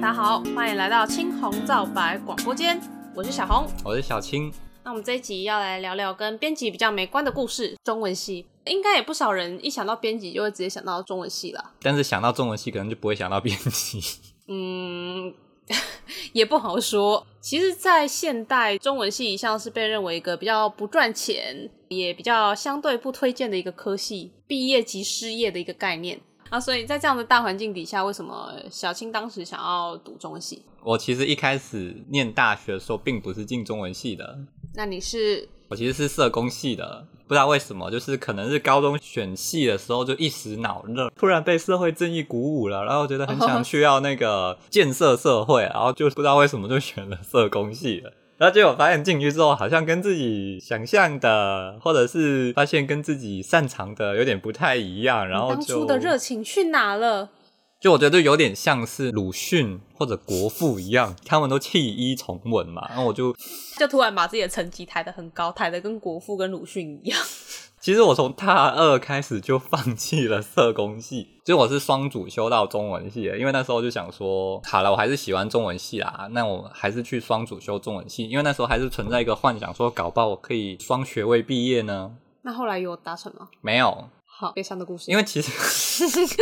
大家好，歡迎來到青紅皂白廣播間。我是小紅，我是小青。那我們這一集要來聊聊跟編輯比較沒關係的故事。中文系應該也不少人一想到編輯就會直接想到中文系啦，但是想到中文系可能就不會想到編輯。嗯，也不好說。其實，在現代，中文系一向是被認為一個比較不賺錢，也比較相對不推薦的一個科系，畢業即失業的一個概念。啊，所以在這樣的大環境底下，為什麼小青當時想要讀中文系？我其實一開始念大學的時候，並不是進中文系的。那你是？我其實是社工系的，不知道為什麼，就是可能是高中選系的時候就一時腦熱，突然被社會正義鼓舞了，然後覺得很想去要那個建設社會，哦、呵呵，然後就不知道為什麼就選了社工系了。然後結果發現進去之後，好像跟自己想象的，或者是發現跟自己擅長的有點不太一樣，然後就當初的熱情去哪了？就我覺得有點像是魯迅或者國父一樣，他們都棄醫從文嘛。然後我就就突然把自己的成績抬得很高，抬得跟國父跟魯迅一樣。其實我從大二開始就放棄了社工系，所以我是雙主修到中文系了，因為那時候就想說，好了，我還是喜歡中文系啊，那我還是去雙主修中文系，因為那時候還是存在一個幻想說，說搞不好我可以雙學位畢業呢。那後來有我達成嗎？沒有。好悲傷的故事，因為其實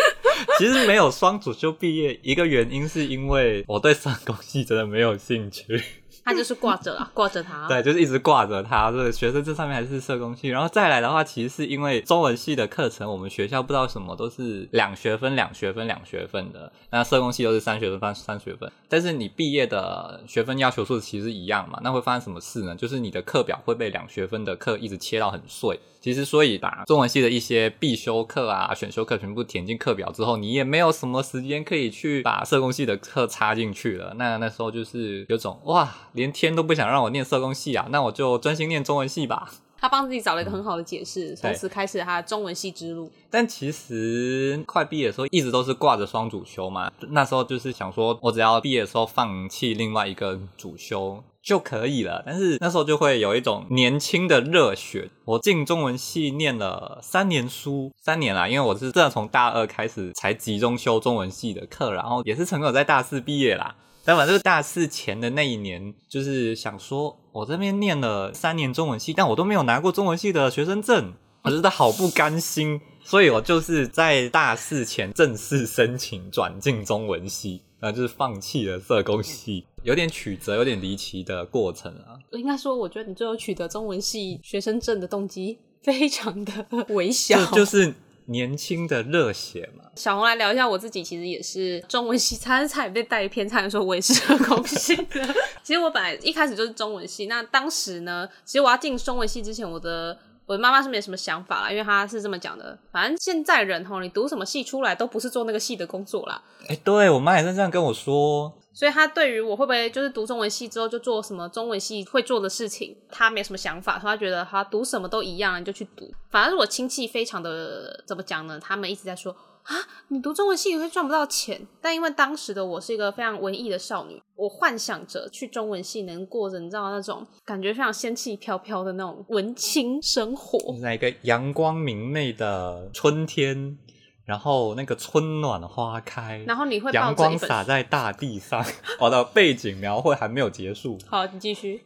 其實沒有雙主修畢業，一個原因是因為我對社工系真的沒有興趣。他就是掛着，啊，掛着他。對，就是一直掛着他。所以學生這上面還是社工系，然後再來的話，其實是因為中文系的課程，我們學校不知道什麼都是兩學分、兩學分、兩學分的，那社工系都是三學分、三學分。但是你畢業的學分要求數其實一樣嘛，那會發生什麼事呢？就是你的課表會被兩學分的課一直切到很碎。其實所以把中文系的一些必修課啊、選修課全部填進課表之後，你也沒有什麼時間可以去把社工系的課插進去了。那那時候就是有種哇。連天都不想讓我念社工系啊，那我就專心念中文系吧。他幫自己找了一個很好的解釋，嗯、從此開始他中文系之路。但其實快畢業的時候，一直都是掛着雙主修嘛。那時候就是想說，我只要畢業的時候放棄另外一個主修就可以了。但是那時候就會有一種年輕的熱血。我進中文系念了三年書，三年啦，因為我是真的從大二開始才集中修中文系的課，然後也是成功在大四畢業啦。但反正大四前的那一年，就是想說，我這邊念了三年中文系，但我都沒有拿過中文系的學生證，我覺得好不甘心，所以我就是在大四前正式申請轉進中文系，然後就是放棄了社工系，有點曲折，有點離奇的過程啊。我應該說，我覺得你最後取得中文系學生證的動機非常的微小，就是。年輕的熱血嘛，小紅來聊一下我自己，其實也是中文系，差點被帶偏，差點說我也是中文系的。 其實我本來一開始就是中文系，那當時呢，其實我要進中文系之前我，我的我的媽媽是沒什麼想法啦，因為她是這麼講的，反正現在人吼，你讀什麼系出來都不是做那個系的工作啦。誒、欸、對我媽也是這樣跟我說。所以他對於我會不會就是讀中文系之後就做什麼中文系會做的事情，他沒什麼想法，他覺得他讀什麼都一樣，你就去讀。反正是我親戚非常的怎麼講呢？他們一直在說啊，你讀中文系也會賺不到錢。但因為當時的我是一個非常文藝的少女，我幻想着去中文系能過着你知道那種感覺非常仙氣飄飄的那種文青生活，在一個陽光明媚的春天。然後那個春暖花開，然後你會把陽光灑在大地上，我的背景描繪還沒有結束。好，你繼續。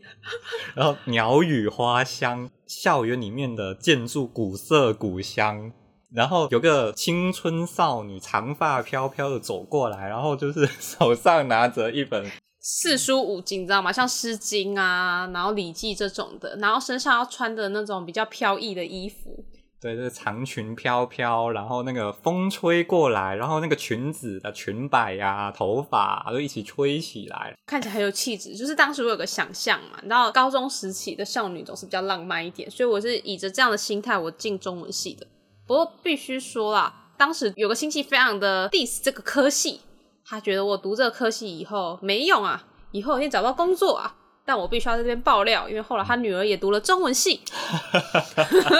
然後鳥語花香，校園裡面的建築古色古香，然後有個青春少女長髮飄飄的走過來，然後就是手上拿着一本四書五經，你知道嗎？像《詩經》啊，然後《禮記》這種的，然後身上要穿的那種比較飄逸的衣服。對，就是長裙飄飄，然後那個風吹過來，然後那個裙子的裙擺呀、啊、頭髮、啊、都一起吹起來，看起來很有氣質。就是當時我有個想象嘛，你知道高中時期的少女總是比較浪漫一點，所以我是以着這樣的心態我進中文系的。不過必須說啦，當時有個親戚非常的 diss 這個科系，他覺得我讀這個科系以後沒用啊，以後我先找到工作啊。但我必須要在這邊爆料，因為後來他女兒也讀了中文系。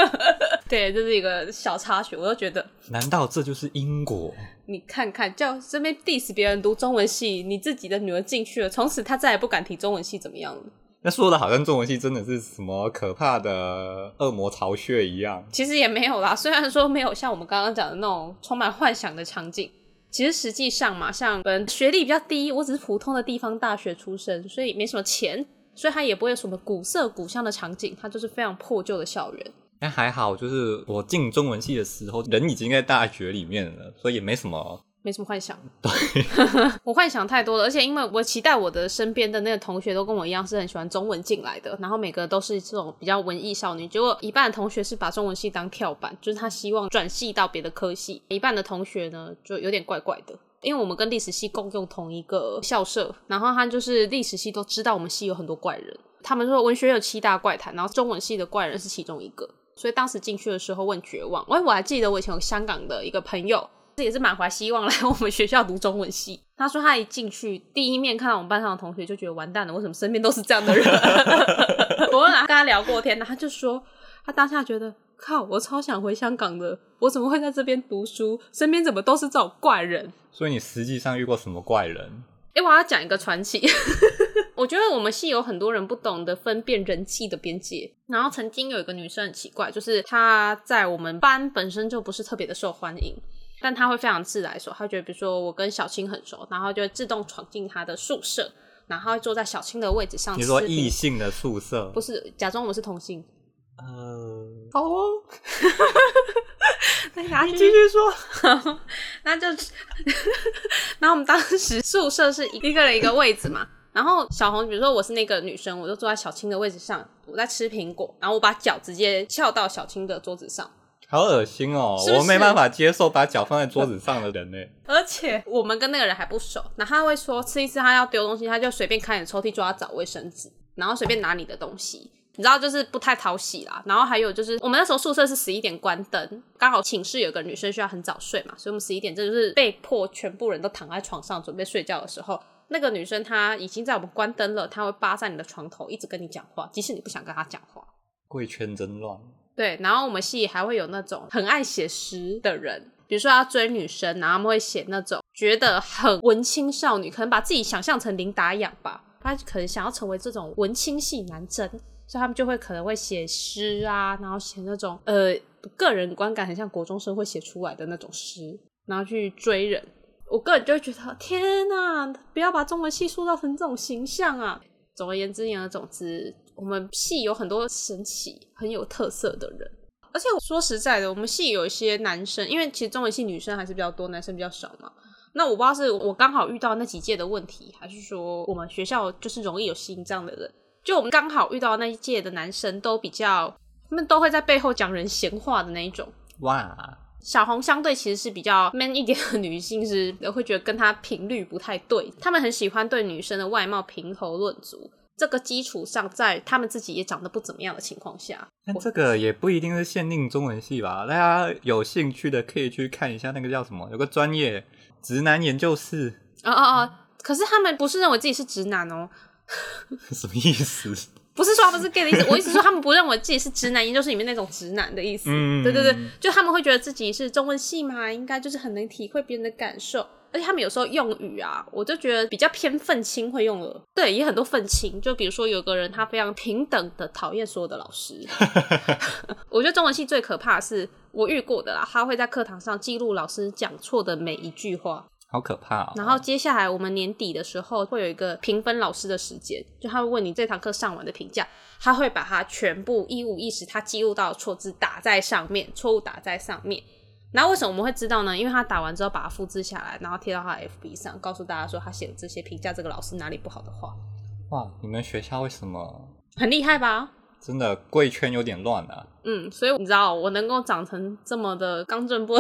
對，這、就是一個小插曲。我就覺得，難道這就是因果？你看看，叫這邊 diss 別人讀中文系，你自己的女兒進去了，從此他再也不敢提中文系怎麼樣了。那說的好像中文系真的是什麼可怕的惡魔巢穴一樣。其實也沒有啦，雖然說沒有像我們剛剛講的那種充滿幻想的場景。其實實際上嘛，像本學歷比較低，我只是普通的地方大學出身，所以沒什麼錢。所以它也不會有什麼古色古香的場景，它就是非常破舊的校園。但還好，就是我進中文系的時候，人已經在大學裡面了，所以也沒什麼，沒什麼幻想。對， 我幻想太多了，而且因為我期待我的身邊的那個同學都跟我一樣是很喜歡中文進來的，然後每個都是這種比較文藝少女。結果一半的同學是把中文系當跳板，就是他希望轉系到別的科系；一半的同學呢，就有點怪怪的。因為我們跟歷史系共用同一個校舍，然後他就是歷史系都知道我們系有很多怪人。他們說文學有七大怪談，然後中文系的怪人是其中一個。所以當時進去的時候問絕望，我我還記得我以前有香港的一個朋友，這也是滿懷希望來我們學校讀中文系。他說他一進去第一面看到我們班上的同學就覺得完蛋了，為什麼身邊都是這樣的人？ 我後來跟他聊過天，他就說他當下覺得。靠！我超想回香港的，我怎麼會在這邊讀書？身邊怎麼都是這種怪人？所以你實際上遇過什麼怪人？誒、欸，我要講一個傳奇。 我覺得我們系有很多人不懂得分辨人際的邊界。然後曾經有一個女生很奇怪，就是她在我們班本身就不是特別的受歡迎，但她會非常自來熟。她覺得，比如說我跟小青很熟，然後就會自動闖進她的宿舍，然後會坐在小青的位置上。你說異性的宿舍？不是，假裝我們是同性。嗯，好哦，那下 去繼續說好。那就，那 我們當時宿舍是一個人一個位置嘛。然後小紅，比如說我是那個女生，我就坐在小青的位置上，我在吃蘋果，然後我把腳直接翹到小青的桌子上，好噁心哦！是是我沒辦法接受把腳放在桌子上的人呢、欸。而且我們跟那個人還不熟，然後他會說吃一次他要丟東西，他就隨便開抽屜抓他找衛生紙，然後隨便拿你的東西。你知道就是不太討喜啦，然後還有就是我們那時候宿舍是十一點關燈，剛好寢室有個女生需要很早睡嘛，所以我們十一點，這就是被迫全部人都躺在床上準備睡覺的時候，那個女生她已經在我們關燈了，她會扒在你的床頭一直跟你講話，即使你不想跟她講話。貴圈真亂。對，然後我們系還會有那種很愛寫詩的人，比如說要追女生，然後他們會寫那種覺得很文青少女，可能把自己想象成林達陽吧，她可能想要成為這種文青系男生。所以他們就會可能會寫詩啊，然後寫那種呃個人觀感很像國中生會寫出來的那種詩，然後去追人。我個人就會覺得天哪，不要把中文系塑造成這種形象啊！總而言之，言而總之，我們系有很多神奇、很有特色的人。而且我說實在的，我們系有一些男生，因為其實中文系女生還是比較多，男生比較少嘛。那我不知道是我剛好遇到那幾屆的問題，還是說我們學校就是容易有吸引這樣的人。就我們剛好遇到那一屆的男生，都比較，他們都會在背後講人閒話的那一種哇。小紅相對其實是比較 man 一點的女性，是會覺得跟他頻率不太對。他們很喜歡對女生的外貌評頭論足，這個基礎上，在他們自己也長得不怎麼樣的情況下，那這個也不一定是限定中文系吧？大家有興趣的可以去看一下那個叫什麼，有個專業直男研究室。哦、嗯、哦哦，可是他們不是認為自己是直男哦。 什麼意思？不是說他不是 gay 的意思， 我意思說他們不認為自己是直男，也就是裡面那種直男的意思。嗯、對對對，就他們會覺得自己是中文系嘛，應該就是很能體會別人的感受，而且他們有時候用語啊，我就覺得比較偏憤青會用了。對，也很多憤青，就比如說有個人他非常平等的討厭所有的老師。 我覺得中文系最可怕的是我遇過的啦，他會在課堂上記錄老師講錯的每一句話。好可怕哦！然後接下來我們年底的時候會有一個評分老師的時間，就他會問你這堂課上完的評價，他會把它全部一五一十他記錄到錯字打在上面，錯誤打在上面。那為什麼我們會知道呢？因為他打完之後把它複製下來，然後貼到他 FB 上，告訴大家說他寫的這些評價這個老師哪裡不好的話。哇，你們學校為什麼？很厲害吧？真的貴圈有點亂了，啊，嗯，所以你知道我能夠長成這麼的剛正不，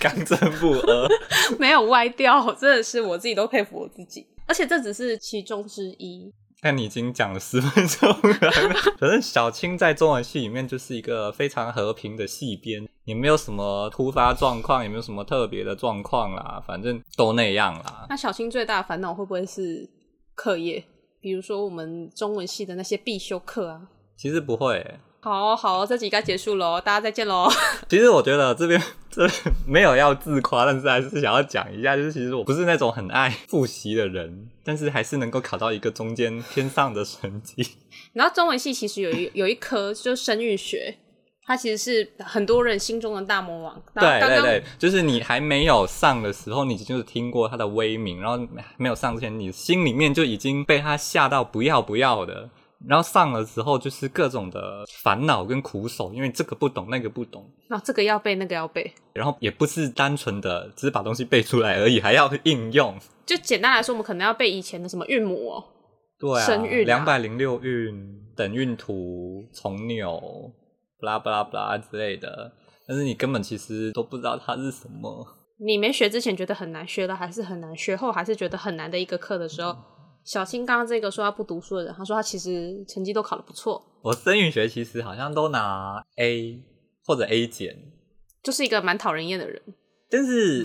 剛 正不阿 沒有歪掉，真的是我自己都佩服我自己。而且這只是其中之一。但你已經講了十分鐘了，反正小青在中文系裡面就是一個非常和平的系邊，也沒有什麼突發狀況，也沒有什麼特別的狀況啦，反正都那樣啦。那小青最大的煩惱會不會是課業？比如說我們中文系的那些必修課啊？其實不會、欸，好哦，好好，哦，這集該結束嘍，哦，大家再見嘍。其實我覺得這邊這邊沒有要自誇，但是還是想要講一下，就是其實我不是那種很愛複習的人，但是還是能夠考到一個中間偏上的成績。 然後中文系其實有一有一科就是聲韻學，它其實是很多人心中的大魔王。對對對，剛剛就是你還沒有上的時候，你就是聽過他的威名，然後沒有上之前，你心裡面就已經被他嚇到不要不要的。然後上了之後，就是各種的煩惱跟苦手，因為這個不懂那個不懂，那、啊、這個要背那個要背，然後也不是單純的只是把東西背出來而已，還要應用。就簡單來說，我們可能要背以前的什麼韻母，對、啊，聲韻兩百零六韻等韻圖重紐，布拉布拉布拉之類的，但是你根本其實都不知道它是什麼。你沒學之前覺得很難，學了還是很難；學後還是覺得很難的一個課的時候。嗯小青剛剛這個說他不讀書的人，他說他其實成績都考得不錯。我聲韻學其實好像都拿 A 或者 A 減，就是一個蠻討人厭的人。但是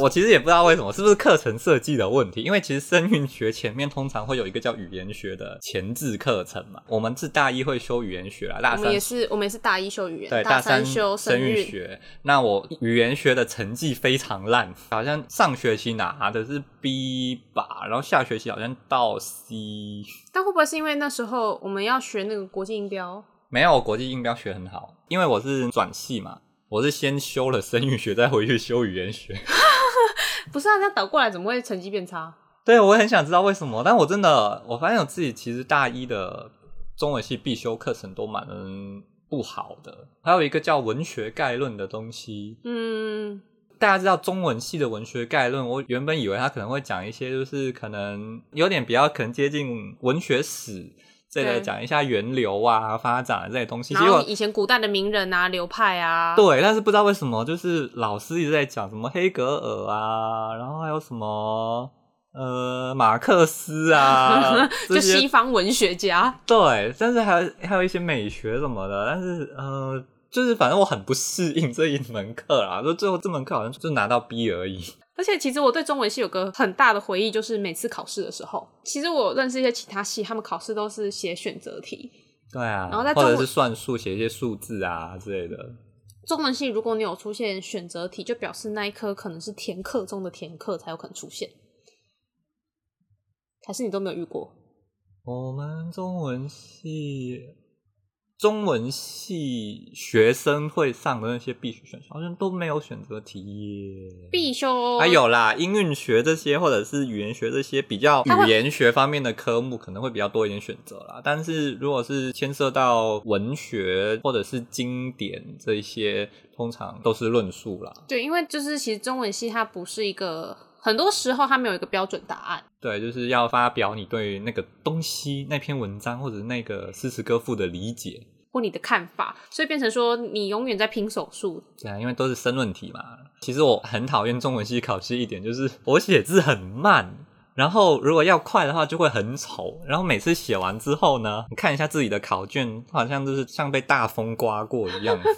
我其實也不知道為什麼，是不是課程設計的問題？因為其實聲韻學前面通常會有一個叫語言學的前置課程嘛。我們是大一會修語言學啦，大三，我們也是我們也是大一修語言，對，大三修聲韻學。那我語言學的成績非常爛，好像上學期拿的是 B 吧，然後下學期好像到 C。但會不會是因為那時候我們要學那個國際音標？沒有，國際音標學很好，因為我是轉系嘛。我是先修了聲韻學，再回去修語言學。 不是啊，這樣倒過來怎麼會成績變差？對，我很想知道為什麼。但我真的，我發現我自己其實大一的中文系必修課程都蠻不好的。還有一個叫文學概論的東西，嗯，大家知道中文系的文學概論，我原本以為他可能會講一些，就是可能有點比較可能接近文學史。再來講一下源流啊、發展這些東西，還有以前古代的名人啊、流派啊，對，但是不知道為什麼，就是老師一直在講什麼黑格爾啊，然後還有什麼呃馬克思啊， 些就西方文學家，對，但是還還有一些美學什麼的，但是呃，就是反正我很不適應這一門課啦，就最後這門課好像就拿到 B 而已。而且其實我對中文系有個很大的回憶，就是每次考試的時候，其實我認識一些其他系，他們考試都是寫選擇題，對啊，然後在或者是算數，寫一些數字啊之類的。中文系如果你有出現選擇題，就表示那一科可能是填課中的填課才有可能出現，還是你都沒有遇過？我們中文系。中文系學生會上的那些必須選修好像都沒有選擇題耶，必修兄還有啦，音韻學這些或者是語言學這些比較語言學方面的科目可能會比較多一點選擇啦。會但是如果是牽涉到文學或者是經典這些，通常都是論述啦。對，因為就是其實中文系它不是一個。很多時候他沒有一個標準答案。對，就是要發表你對於那個東西、那篇文章或者是那個詩詞歌賦的理解或你的看法，所以變成說你永遠在拼手速。對啊，因為都是申論題嘛。其實我很討厭中文系考試一點就是我寫字很慢，然後如果要快的話就會很醜，然後每次寫完之後呢，你看一下自己的考卷，好像就是像被大風刮過一樣。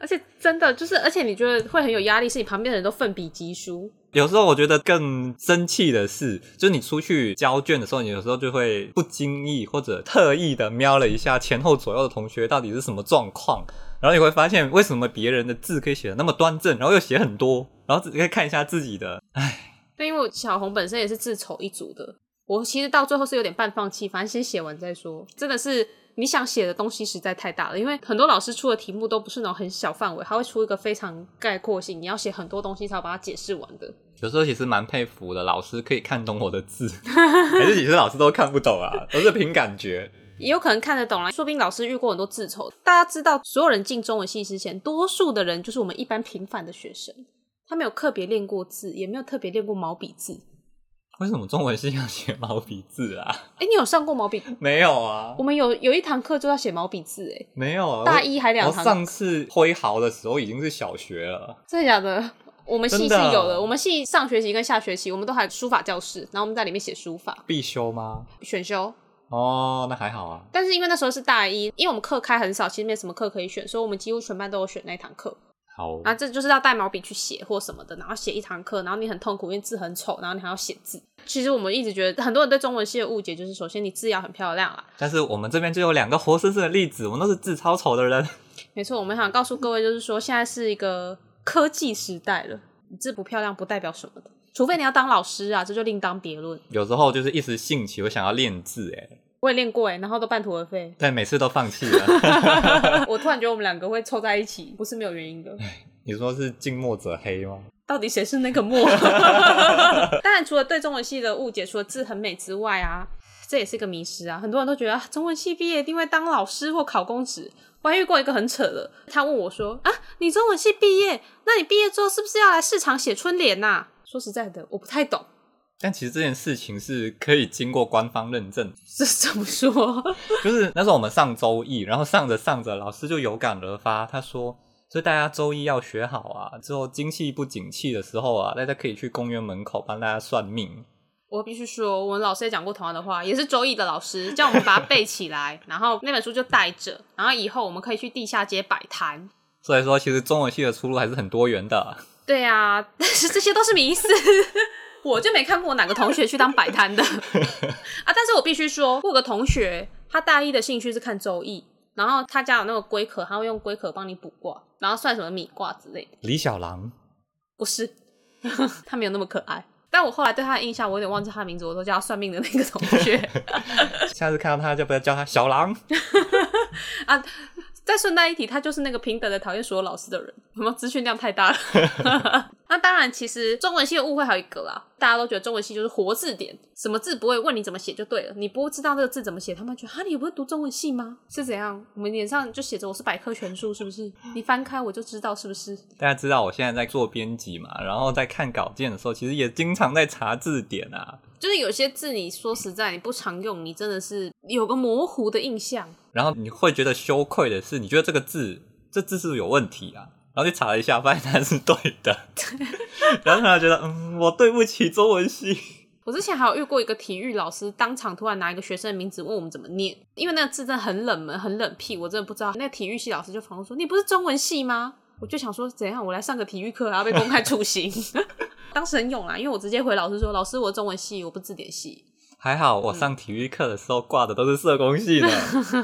而且真的就是，而且你覺得會很有壓力，是你旁邊的人都奮筆疾書。有時候我覺得更生氣的是，就是你出去交卷的時候，你有時候就會不經意或者特意的瞄了一下前後左右的同學到底是什麼狀況，然後你會發現為什麼別人的字可以寫的那麼端正，然後又寫很多，然後自己可以看一下自己的，唉，對，因為我小紅本身也是字醜一族的，我其實到最後是有點半放棄，反正先寫完再說，真的是。你想寫的東西實在太大了，因為很多老師出的題目都不是那種很小範圍，它會出一個非常概括性，你要寫很多東西才把它解釋完的。有時候其實蠻佩服的，老師可以看懂我的字，可 是其實老師都看不懂啊，都是憑感覺。 也有可能看得懂啊，說不定老師遇過很多字醜。大家知道，所有人進中文系之前，多數的人就是我們一般平凡的學生，他沒有特別練過字，也沒有特別練過毛筆字。為什麼中文系要寫毛筆字啊？哎、欸，你有上過毛筆沒有啊？我們有有一堂課就要寫毛筆字哎、欸，沒有啊。大一還兩堂。我上次揮毫的時候已經是小學了。真的假的？我們系是有的，的我們系上學期跟下學期我們都還書法教室，然後我們在裡面寫書法。必修嗎？選修。哦，那還好啊。但是因為那時候是大一，因為我們課開很少，其實沒什麼課可以選，所以我們幾乎全班都有選那一堂課。那這就是要帶毛筆去寫或什麼的，然後寫一堂課，然後你很痛苦，因為字很醜，然後你還要寫字。其實我們一直覺得，很多人對中文系的誤解就是，首先你字要很漂亮啦。但是我們這邊就有兩個活生生的例子，我們都是字超醜的人。沒錯，我們想告訴各位，就是說現在是一個科技時代了，你字不漂亮不代表什麼的，除非你要當老師啊，這就另當別論。有時候就是一時興起，我想要練字、欸，哎。我也練過誒、欸、然後都半途而廢。對，每次都放棄了。 我突然覺得我們兩個會湊在一起，不是沒有原因的。你說是近墨者黑嗎？到底誰是那個墨？當然，除了對中文系的誤解，除了字很美之外啊，這也是一個迷失啊。很多人都覺得中文系畢業一定會當老師或考公職。我還遇過一個很扯的，他問我說：“啊，你中文系畢業，那你畢業之後是不是要來市場寫春聯吶、啊？”說實在的，我不太懂。但其實這件事情是可以經過官方認證。這怎麼說？就是那時候我們上周易，然後上着上着，老師就有感而發，他說：“所以大家周易要學好啊，之後經濟不景氣的時候啊，大家可以去公園門口幫大家算命。”我必須說，我們老師也講過同樣的話，也是周易的老師叫我們把它背起來， 然後那本書就帶着，然後以後我們可以去地下街擺攤。所以說，其實中文系的出路還是很多元的。對啊，但是這些都是迷思 我就沒看過哪個同學去當擺攤的 啊！但是我必須說，我有個同學，他大一的興趣是看《周易》，然後他家有那個龜殼，他會用龜殼幫你卜卦，然後算什麼米卦之類的。李小狼不是 他沒有那麼可愛，但我後來對他的印象，我有點忘記他的名字，我都叫他算命的那個同學。 下次看到他，就不要叫他小狼。 啊再順帶一提，他就是那個平等的討厭所有老師的人。什麼資訊量太大了？ 那當然，其實中文系的誤會還有一個啦。大家都覺得中文系就是活字典，什麼字不會問你怎麼寫就對了。你不會知道這個字怎麼寫，他們就覺得啊，你不會讀中文系嗎？是怎樣？我們臉上就寫着我是百科全書，是不是？你翻開我就知道，是不是？大家知道我現在在做編輯嘛？然後在看稿件的時候，其實也經常在查字典啊。就是有些字，你說實在你不常用，你真的是有個模糊的印象。然後你會覺得羞愧的是，你覺得這個字這字是不是有問題啊，然後去查了一下，發現它是對的， 然後他就覺得，嗯，我對不起中文系。我之前還有遇過一個體育老師，當場突然拿一個學生的名字問我們怎麼念，因為那個字真的很冷門很冷僻，我真的不知道。那個體育系老師就反問說：“你不是中文系嗎？”我就想說，怎樣我來上個體育課然後被公開處刑？ 當時很勇啊，因為我直接回老師說：“老師，我中文系，我不字典系。”還好我上體育課的時候掛的都是社工系的，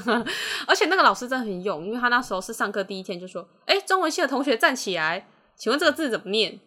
嗯、 而且那個老師真的很勇，因為他那時候是上課第一天就說：“誒、欸、中文系的同學站起來，請問這個字怎麼念？”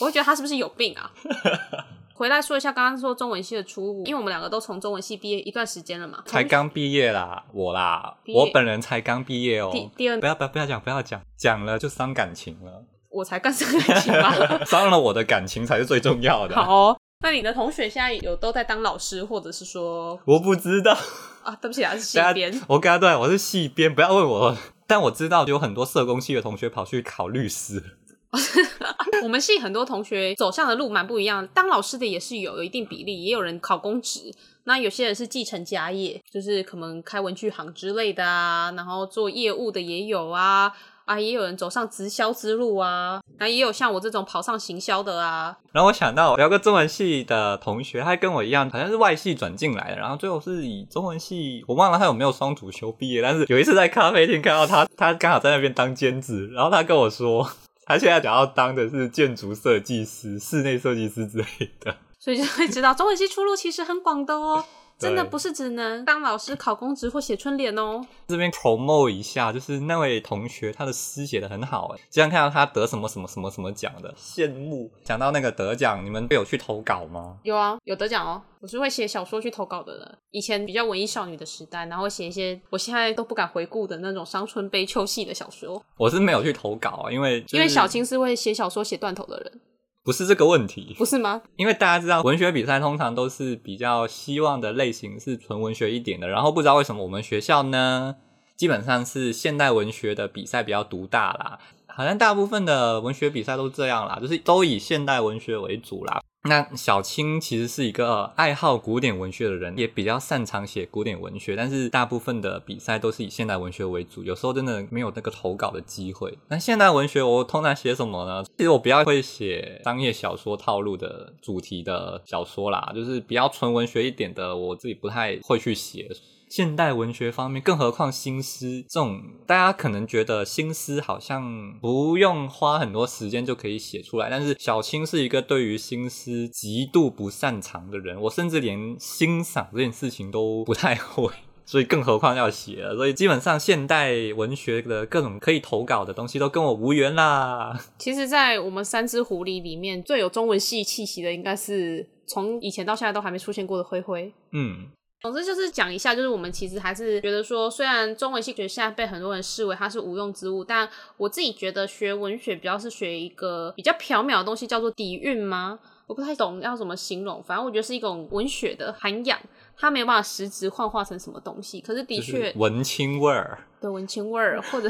我會覺得他是不是有病啊？ 回來說一下剛剛說中文系的出路，因為我們兩個都從中文系畢業一段時間了嘛，才剛畢業啦，我啦，業我本人才剛畢業哦、喔。第二，不要不要不要講不要講，講了就傷感情了。我才更傷感情啊，傷 了我的感情才是最重要的。好、哦。那你的同學現在有都在當老師，或者是說我不知道 啊，對不起啊，是戲編，我跟他對，我是戲編，不要問我，但我知道有很多社工系的同學跑去考律師。 我們系很多同學走向的路蠻不一樣，當老師的也是有有一定比例，也有人考公職，那有些人是繼承家業，就是可能開文具行之類的啊，然後做業務的也有啊。啊，也有人走上直銷之路啊，那、啊、也有像我這種跑上行銷的啊。然後我想到，有個中文系的同學，他跟我一樣，好像是外系轉進來的，然後最後是以中文系，我忘了他有沒有雙主修畢業。但是有一次在咖啡廳看到他，他剛好在那邊當兼職，然後他跟我說，他現在想要當的是建築設計師、室內設計師之類的。所以就會知道，中文系出路其實很廣的哦。 對真的不是只能當老師、考公職或寫春聯哦。這邊 promote 一下，就是那位同學他的詩寫得很好誒，經常看到他得什麼什麼什麼什麼獎的，羨慕。講到那個得獎，你們有去投稿嗎？有啊，有得獎哦。我是會寫小說去投稿的人。以前比較文藝少女的時代，然後寫一些我現在都不敢回顧的那種傷春悲秋系的小說。我是沒有去投稿，因為、就是、因為小青是會寫小說寫斷頭的人。不是這個問題，不是嗎？因為大家知道，文學比賽通常都是比較希望的類型是純文學一點的。然後不知道為什麼，我們學校呢，基本上是現代文學的比賽比較獨大啦。好像大部分的文學比賽都這樣啦，就是都以現代文學為主啦。那小青其實是一個愛好古典文學的人，也比較擅長寫古典文學，但是大部分的比賽都是以現代文學為主，有時候真的沒有那個投稿的機會。那現代文學我通常寫什麼呢？其實我比較會寫商業小說套路的主題的小說啦，就是比較純文學一點的，我自己不太會去寫。現代文學方面，更何況新詩這種，大家可能覺得新詩好像不用花很多時間就可以寫出來，但是小青是一個對於新詩極度不擅長的人，我甚至連欣賞這件事情都不太會，所以更何況要寫了，所以基本上現代文學的各種可以投稿的東西都跟我無緣啦。其實，在我們三隻狐狸裡面，最有中文系氣息的，應該是從以前到現在都還沒出現過的灰灰。嗯。總之就是講一下，就是我們其實還是覺得說，雖然中文系學現在被很多人視為它是無用之物，但我自己覺得學文學比較是學一個比較縹緲的東西，叫做底蘊嗎？我不太懂要怎麼形容，反正我覺得是一種文學的涵養，它沒有辦法實質幻化成什麼東西。可是的確，文青味兒，對，文青味兒，或者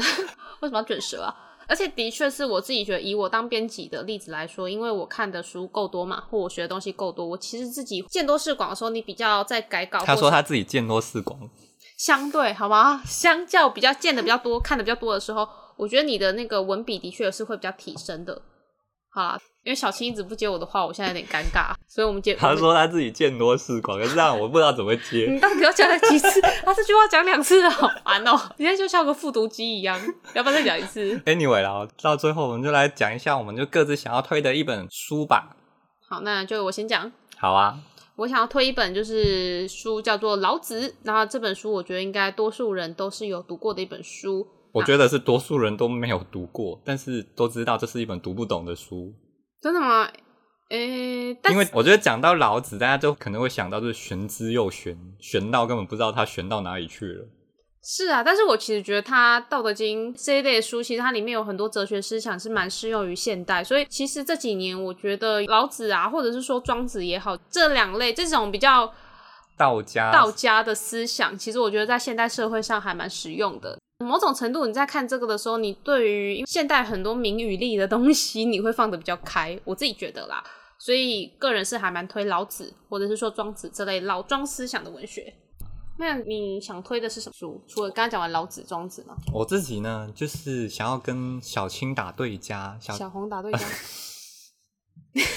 為什麼要捲舌啊？而且的確是我自己覺得，以我當編輯的例子來說，因為我看的書夠多嘛，或我學的東西夠多，我其實自己見多識廣的時候，你比較在改稿。他說他自己見多識廣，相對好嗎？相較比較見的比較多、 看的比較多的時候，我覺得你的那個文筆的確是會比較提升的。好啦。因為小青一直不接我的話，我現在有點尷尬、啊，所以我們接。他說他自己見多識廣， 可是這樣我不知道怎麼接。你到底要講幾次？他、 啊、這句話講兩次，好煩哦、喔！今天就像個復讀機一樣， 要不要再講一次？Anyway，然後到最後，我們就來講一下，我們就各自想要推的一本書吧。好，那就我先講。好啊，我想要推一本，就是書叫做《老子》，然後這本書我覺得應該多數人都是有讀過的一本書。我覺得是多數人都沒有讀過，但是都知道這是一本讀不懂的書。真的嗎？誒、欸，是因為我覺得講到老子，大家就可能會想到就是玄之又玄，玄到根本不知道他玄到哪裡去了。是啊，但是我其實覺得他《道德經》這一類的書，其實它裡面有很多哲學思想是蠻適用於現代。所以其實這幾年，我覺得老子啊，或者是說莊子也好，這兩類這種比較。道家，道家的思想，其實我覺得在現代社會上還蠻實用的。某種程度，你在看這個的時候，你對於現代很多名與利的東西，你會放得比較開。我自己覺得啦，所以個人是還蠻推老子或者是說莊子這類老莊思想的文學。那你想推的是什麼書？除了剛才講完老子、莊子呢？我自己呢，就是想要跟小青打對家，小，小紅打對家。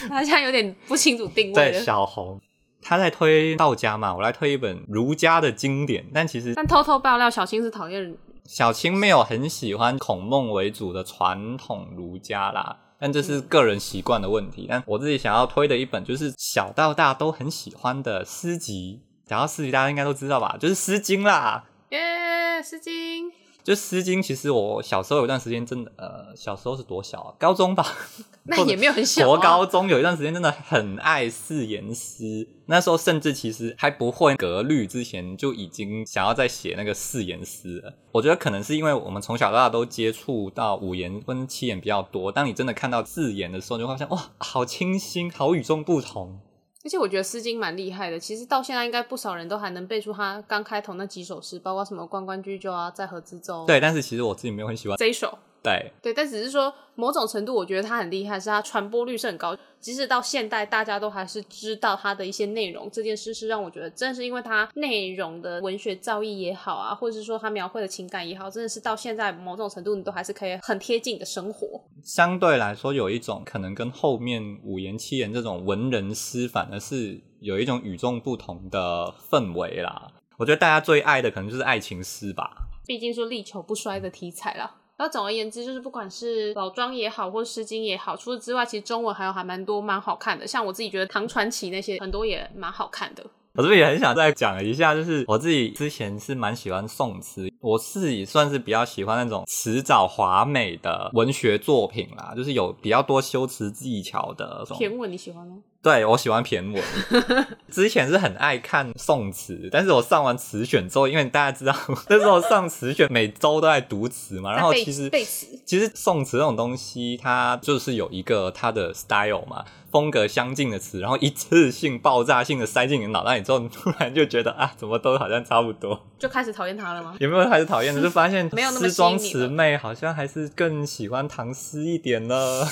好像 有點不清楚定位了。對小紅。他在推道家嘛，我來推一本儒家的經典。但其實，但偷偷爆料，小青是討厭小青沒有很喜歡孔孟為主的傳統儒家啦。但這是個人習慣的問題。嗯、但我自己想要推的一本，就是小到大都很喜歡的詩集。講到詩集，大家應該都知道吧，就是《詩經》啦。耶、yeah，《詩經》。就《詩經》，其實我小時候有一段時間真的，呃，小時候是多小啊？高中吧，那也沒有很小啊。我高中有一段時間真的很愛四言詩，那時候甚至其實還不會格律，之前就已經想要再寫那個四言詩了。我覺得可能是因為我們從小到大都接觸到五言跟七言比較多，當你真的看到四言的時候，你就會發現哇，好清新，好與眾不同。而且我覺得《詩經》蠻厲害的，其實到現在應該不少人都還能背出他剛開頭那幾首詩，包括什麼《關關雎鳩》啊，在《在河之洲》。對，但是其實我自己沒有很喜歡這一首。對，對，但只是說某種程度，我覺得他很厲害，是他傳播率是很高，即使到現代，大家都還是知道他的一些內容。這件事是讓我覺得，真的是因為他內容的文學造詣也好啊，或者是說他描繪的情感也好，真的是到現在某種程度，你都還是可以很貼近的生活。相對來說，有一種可能跟後面五言七言這種文人詩反而是有一種與眾不同的氛圍啦。我覺得大家最愛的可能就是愛情詩吧，畢竟是歷久不衰的題材了。那總而言之，就是不管是老莊也好，或詩經也好，除此之外，其實中文還有還蠻多蠻好看的，像我自己覺得唐傳奇那些，很多也蠻好看的。我是不是也很想再講一下，就是我自己之前是蠻喜歡宋詞，我自己算是比較喜歡那種辭藻華美的文學作品啦，就是有比較多修辭技巧的那種。駢文你喜歡嗎？對，我喜歡駢文。 之前是很愛看宋詞，但是我上完詞選之後，因為大家知道我那時候上詞選每周都在讀詞嘛，然後其實其實宋詞這種東西，它就是有一個它的 style 嘛，風格相近的詞，然後一次性爆炸性的塞進你的腦袋裡之後，突然就覺得啊，怎麼都好像差不多，就開始討厭它了嗎？有沒有開始討厭？ 就發現詩莊詞媚好像還是更喜歡唐詩一點呢。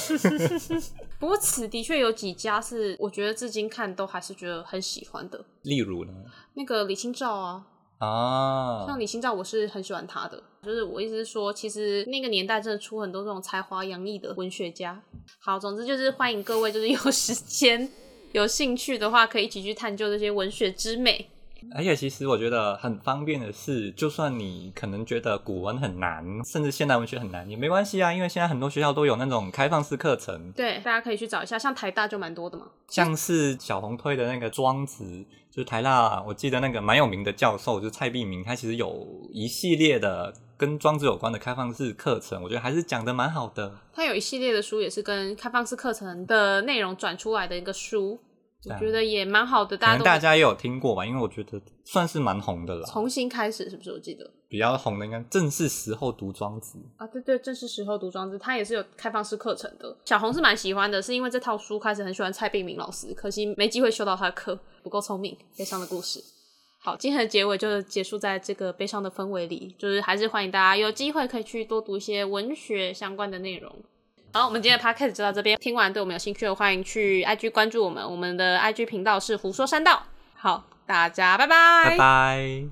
不過，此的確有幾家是我覺得至今看都還是覺得很喜歡的。例如呢，那個李清照啊，啊，像李清照，我是很喜歡她的。就是我意思是說，其實那個年代真的出很多這種才華洋溢的文學家。好，總之就是歡迎各位，就是有時間、有興趣的話，可以一起去探究這些文學之美。而且其實我覺得很方便的是，就算你可能覺得古文很難，甚至現代文學很難，也沒關係啊，因為現在很多學校都有那種開放式課程，對，大家可以去找一下，像台大就蠻多的嘛。像是小紅推的那個《莊子》，就是台大，我記得那個蠻有名的教授，就是蔡璧名，他其實有一系列的跟《莊子》有關的開放式課程，我覺得還是講得蠻好的。他有一系列的書，也是跟開放式課程的內容轉出來的一個書。我覺得也蠻好的大家，可能大家也有聽過吧，因為我覺得算是蠻紅的了。重新開始是不是？我記得比較紅的應該《正是時候讀莊子》啊，對對、對，《正是時候讀莊子》它也是有開放式課程的。小紅是蠻喜歡的，是因為這套書開始很喜歡蔡璧名老師，可惜沒機會修到他的課，不夠聰明，悲傷的故事。好，今天的結尾就結束在這個悲傷的氛圍裡，就是還是歡迎大家有機會可以去多讀一些文學相關的內容。好，我們今天的 podcast 就到這邊。聽完對我們有興趣的，歡迎去 IG 關注我們。我們的 IG 頻道是狐說三道。好，大家拜拜，拜拜。